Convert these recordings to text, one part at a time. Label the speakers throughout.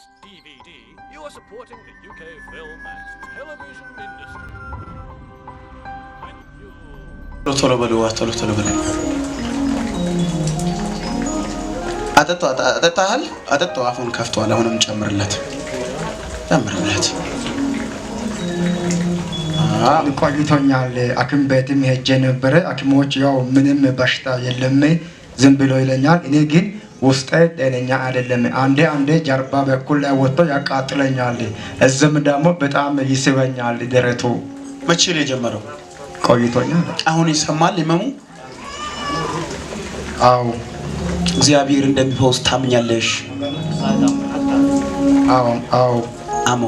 Speaker 1: this DVD, you are supporting the UK film and television industry. ቶሎ በሉ ቶሎ ቶሎ በሉ። አጠጣሃል? አጠጣው። አፉን ከፍቷል። አሁንም ጨምርለት፣ ጨምርለት። ቆይቶኛል። ሐኪም ቤትም ሄጄ ነበረ። ሐኪሞች ያው ምንም በሽታ የለም ዝም ብሎ ይለኛል። እኔ ግን ውስጥ ጤነኛ አይደለም። አንዴ አንዴ ጀርባ በኩል ላይ ወጥቶ ያቃጥለኛል፣ እዚህም ደግሞ በጣም ይስበኛል ደረቱ።
Speaker 2: መቼ ነው የጀመረው? ቆይቶኛል። አሁን ይሰማል ህመሙ? አዎ፣ እግዚአብሔር እንደሚፈውስ ታምኛለሽ? አዎ፣ አዎ። አሞ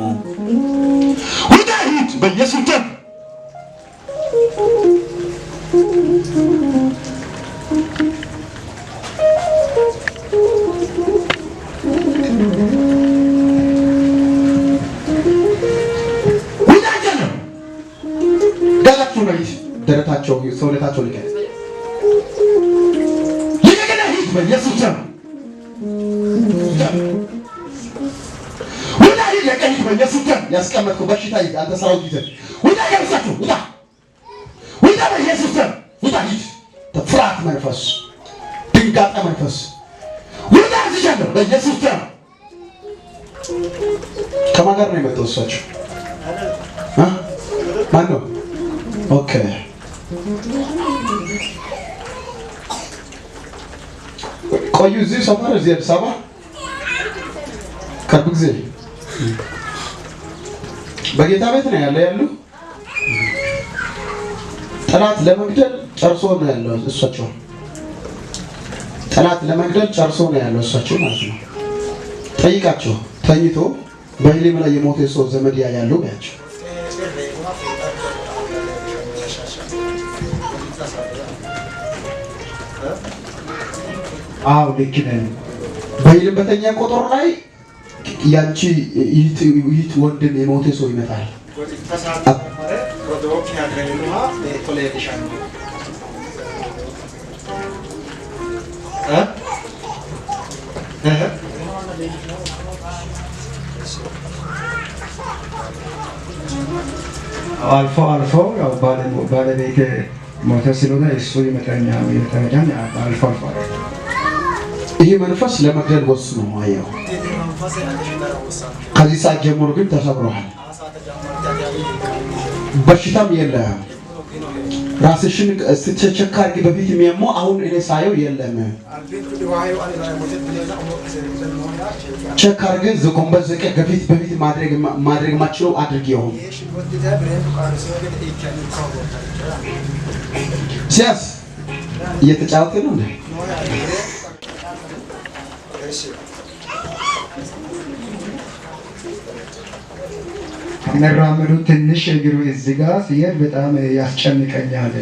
Speaker 2: ወደ ሂድ በየስንት ደረታቸው ሰውነታቸው ልቀ በኢየሱስ ስም በኢየሱስ ስም ያስቀመጥኩ በሽታ አንተ በኢየሱስ ስም መንፈስ፣ መንፈስ በኢየሱስ ስም።
Speaker 1: ከማን ጋር ነው የመጣው? እሳቸው ማን ነው? ኦኬ ቆዩ። እዚህ ሰፈር እዚህ አዲስ አበባ ቅርብ ጊዜ በጌታ ቤት ነው ያለ ያሉ ጠላት ለመግደል ጨርሶ ነው ያለው እሳቸው ጠላት ለመግደል ጨርሶ ነው ያለው እሳቸው ማለት ነው። ጠይቃቸው ተኝቶ በህሊም ላይ የሞተ ሰው ዘመድ ያያሉ ያቸው አዎ ልክ ነህ። በይል በተኛ ቁጥር ላይ ያቺ ይህት ወንድም የሞተ ሰው ይመጣል። አልፎ አልፎ ባለቤት ሞተ ስለሆነ እሱ የመጠኛ የመጠኛን አልፎ አልፏል። ይህ መንፈስ ለመግደል ወስኖ አየው። ከዚህ ሰዓት ጀምሮ ግን ተሰብረሃል። በሽታም የለም። ራስሽን ስትቸካ በፊት የሚያመው አሁን እኔ ሳየው የለም። ቸካ አድርገህ ጎንበስ ዘቀህ ከፊት በፊት ማድረግ ማድረግ ማችለው አድርጊ። ሼፍ እየተጫወተ ነው። የሚራመዱ ትንሽ እግሩ እዚህ ጋር ሲሄድ በጣም ያስጨንቀኛል።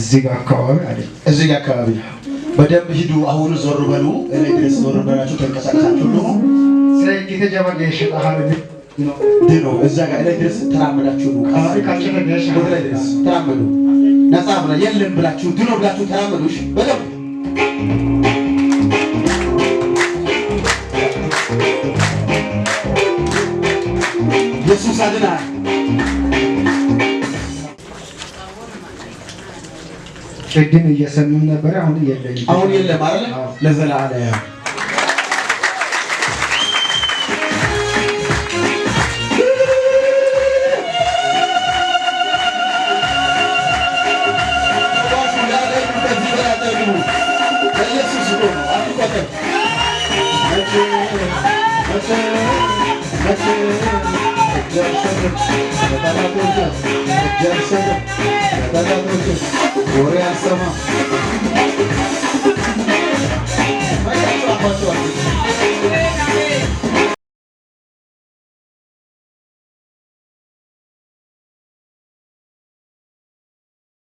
Speaker 1: እዚህ ጋር አካባቢ አለ።
Speaker 2: እዚህ ጋር አካባቢ በደንብ ሂዱ። አሁን ዞር በሉ። እኔ ድረስ ዞር በላችሁ። ተንቀሳቀሳችሁ ነው ድሮ እዛ ጋር እኔ ድረስ ተራመዳችሁ ነው
Speaker 1: ወደ
Speaker 2: ላይ ድረስ ተራመዱ ነፃ ብላ የለም ብላችሁ ድኖ ብላችሁ ተራመዱሽ በደም ኢየሱስ አድና
Speaker 1: ቅድም እየሰሙን ነበር። አሁን የለም
Speaker 2: አሁን የለም አይደል
Speaker 1: ለዘላለም Korea sama. Banyak apa-apa